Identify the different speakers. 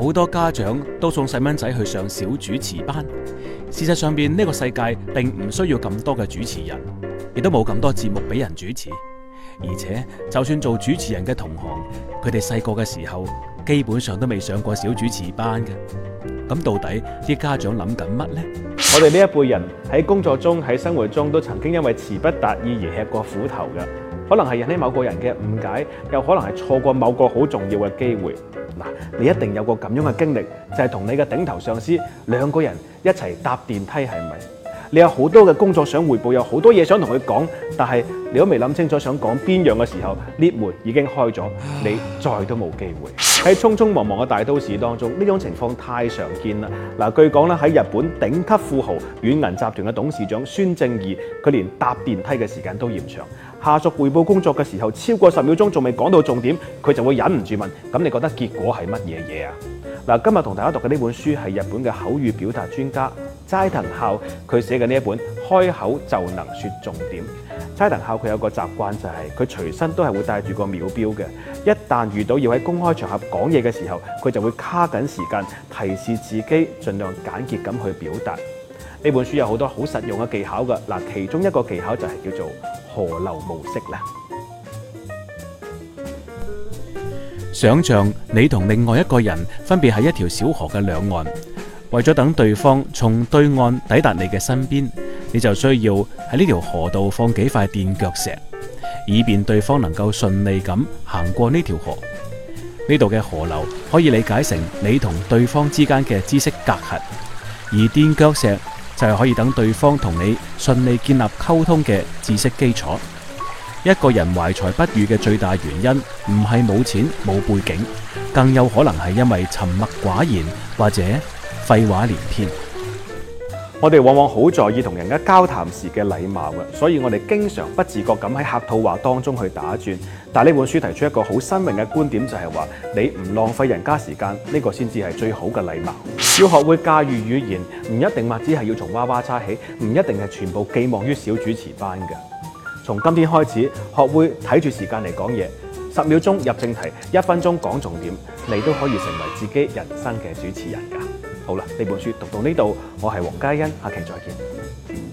Speaker 1: 好多家長都送細蚊仔去上小主持班。事實上邊，呢個世界並唔需要咁多嘅主持人，亦都冇咁多節目俾人主持。而且就算做主持人嘅同行，佢哋細個嘅時候基本上都未上過小主持班嘅。咁到底啲家長諗緊乜呢？我哋呢一輩人喺工作中喺生活中都曾經因為詞不達意而吃過苦頭噶。可能係引起某個人嘅誤解，又可能係錯過某個好重要嘅機會。你一定有個咁樣嘅經歷，就係同你嘅頂頭上司兩個人一齊搭電梯，係咪？你有好多嘅工作想匯報，有好多嘢想同佢講，但係你都未諗清楚想講邊樣嘅時候，lift 門已經開咗，你再都冇機會。喺 匆匆忙忙嘅大都市當中，呢種情況太常見啦。嗱，據講咧喺日本頂級富豪軟銀集團嘅董事長孫正義，佢連搭電梯嘅時間都嫌長。下屬匯報工作嘅時候，超過十秒鐘仲未講到重點，佢就會忍唔住問：咁你覺得結果係乜嘢嘢啊？嗱，今日同大家讀嘅呢本書係日本嘅口語表達專家。齋藤孝佢寫嘅呢一本《開口就能說重點》，齋藤孝佢有個習慣就係佢隨身都係會帶住個秒錶嘅，一旦遇到要喺公開場合講嘢嘅時候，佢就會卡緊時間提示自己，盡量簡潔咁去表達。呢本書有好多好實用嘅技巧㗎，嗱其中一個技巧就係叫做河流模式啦。想像你同另外一個人分別喺一條小河嘅兩岸。為咗等對方從對岸抵達你嘅身邊，你就需要喺呢條河道放幾塊墊腳石，以便對方能夠順利咁行過呢條河。呢度嘅河流可以理解成你同對方之間嘅知識隔閡，而墊腳石就係可以等對方同你順利建立溝通嘅知識基礎。一個人懷才不遇嘅最大原因不是，唔係冇錢冇背景，更有可能係因為沉默寡言或者。廢話連篇，我哋往往好在意同人家交談時嘅禮貌嘅，所以我哋經常不自覺咁喺客套話當中去打轉。但呢本書提出一個好新穎嘅觀點就是說，就係話你唔浪費人家時間，呢、這個先至係最好嘅禮貌。要學會駕馭語言，唔一定話只係要從娃娃抓起，唔一定係全部寄望於小主持班嘅。從今天開始，學會睇住時間嚟講嘢，十秒鐘入正題，一分鐘講重點，你都可以成為自己人生嘅主持人㗎。好啦，呢本書讀到呢度，我係黃嘉欣，下期再見。